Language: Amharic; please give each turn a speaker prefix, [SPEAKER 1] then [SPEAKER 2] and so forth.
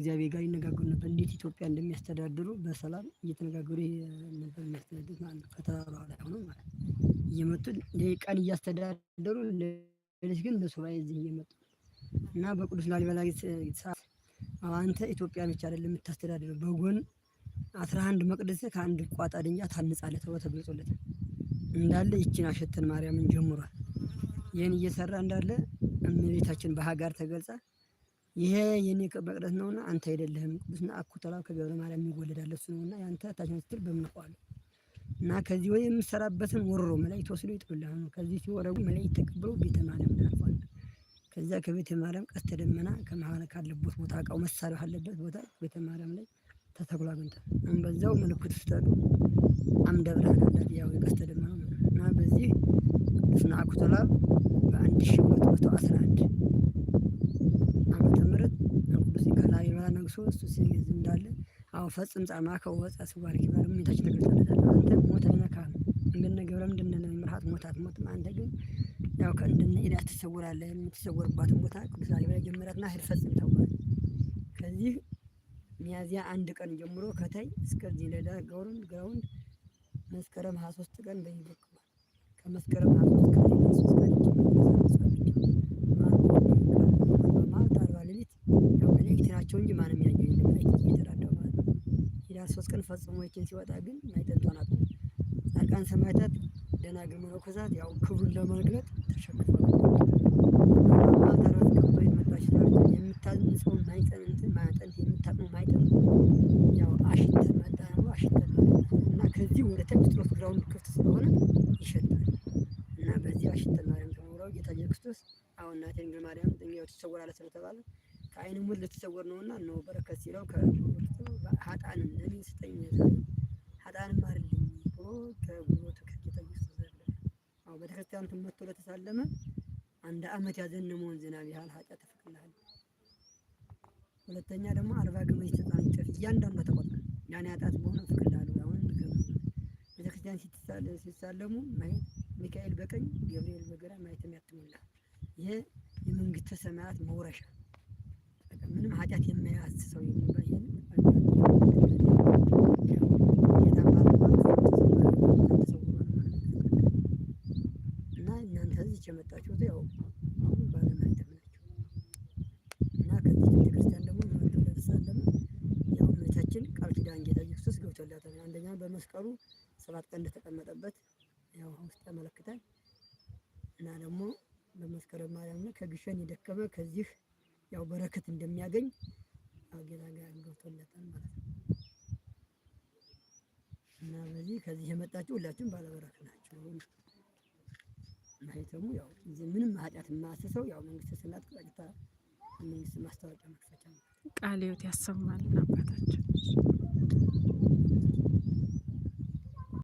[SPEAKER 1] እግዚአብሔር ጋር ይነጋገሩ ነበር፣ እንዴት ኢትዮጵያ እንደሚያስተዳድሩ በሰላም እየተነጋገሩ ነበር የሚያስተዳድሩ ማለት ነው። ከተራራ ላይ ሆኖ ማለት ነው። እየመጡ ቀን እያስተዳደሩ ሌሊት ግን በሱባኤ እዚህ እየመጡ እና በቅዱስ ላሊበላ ሰዓት አንተ ኢትዮጵያ ብቻ አይደለም የምታስተዳድረው በጎን አስራ አንድ መቅደስ ከአንድ ቋጣ ድንጋይ ታንጻለህ ተብሎ ተገልጾለታል። እንዳለ ይችን አሸተን ማርያምን ጀምሯል። ይህን እየሰራ እንዳለ እመቤታችን በሀጋር ተገልጻ ይሄ የኔ መቅደስ ነውና አንተ አይደለህም። ቅዱስና አኩ ተላው ከገብረ ማርያም ይወለዳል እሱ ነውና ያንተ ታችን ስትል በምንቋል እና ከዚህ ወይ የምሰራበትን ወሮ መላእክት ወስዶ ይጥሉልህ ነው። ከዚህ ሲወረጉ መላእክት ተቀብለው ቤተ ማርያም ዳርፏል። ከዛ ከቤተ ማርያም ቀስተ ደመና ከመሀል ካለበት ቦታ እቃው መሳሪያ ካለበት ቦታ ቤተ ማርያም ላይ ተተክሎ አግኝተህ አንበዛው ምልክት ስተዱ አምደ ያላችሁ እሱ ሲዝ እንዳለ አሁን ፈጽም ጻማ ከወጻ ስዋልኪ ባለ ምንታችን ተገልጸለታል። አንተ ሞተና ካ እንደነ ገብረም እንደነ ምርሃት ሞታት ሞት አንተ ግን ያው ከእንደነ ኢዳ ተሰውራለ የምትሰወርባትን ቦታ ቅዱስ ላሊበላ ጀመረትና ሄድ ፈጽም ተውሏል። ከዚህ ሚያዚያ አንድ ቀን ጀምሮ ከታይ እስከዚህ ለዳ ገብረም ግራውንድ መስከረም 23 ቀን በይበቅ ከመስከረም 23 ቀን ናቸው እንጂ ማንም ያየው የለም። ላይክ እየተራዳው ማለት ነው። ሂዳር ሶስት ቀን ፈጽሞ ይችን ሲወጣ ግን ማይጠጧናት ጻድቃን ሰማዕታት ደናግል መነኮሳት ያው ክብሩን ለመግለጥ ተሸክፈው ያው አሽተን መጣ ነው አሽተን አሁን እናቴ ድንግል ማርያም ድንጋዮች ትሰወራለች ስለተባለ ከአይን ሙድ ልትሰወር ነውና ነው በረከት ሲለው ሀጣንም ለኔ ስጠኝ ሀጣንም ማርልኝ ብሎ ከጉልበቱ ከጌታ ኢየሱስ አው ቤተክርስቲያን ትመቶ ለተሳለመ አንድ አመት ያዘነመውን ዝናብ ያህል ኃጢአት ተፈቅልሃል። ሁለተኛ ደግሞ አርባ ገመድ ተጣን እያንዳንዱ ተቆጣ ያን ያጣት በሆነ ፈቅልሃል። አሁን ቤተክርስቲያን ሲሳለሙ ማየት ሚካኤል በቀኝ ገብርኤል በግራ ማየትም ያትሙልሃል። ይሄ የመንግስተ ሰማያት መውረሻ ምንም ኃጢአት የማያስሰው የሚባየን እና እናንተ እዚህ የመጣችሁት ያው ባለማይተም ናቸው እና ከዚህ ቤተክርስቲያን ደግሞ ቤተክርስቲያን ደግሞ ያው እመቤታችን ቃል ኪዳን ጌታ ኢየሱስ ክርስቶስ ገብቶላታል። አንደኛ በመስቀሉ ሰባት ቀን እንደተቀመጠበት ያው ውስጥ ያመለክታል እና ደግሞ በመስከረም ማርያም ከግሸን የደከመ ከዚህ ያው በረከት እንደሚያገኝ ጌታ ጋር ገብቶለታል ማለት ነው። እና በዚህ ከዚህ የመጣችሁ ሁላችሁም ባለበረከት ናችሁ። ማይተሙ ያው ምንም ኃጢአት የማያስተው ያው መንግስተ ሰማያት ቀጥታ መንግስት ማስታወቂያ መክፈቻ ነው። ቃለ ሕይወት ያሰማልን አባታችን።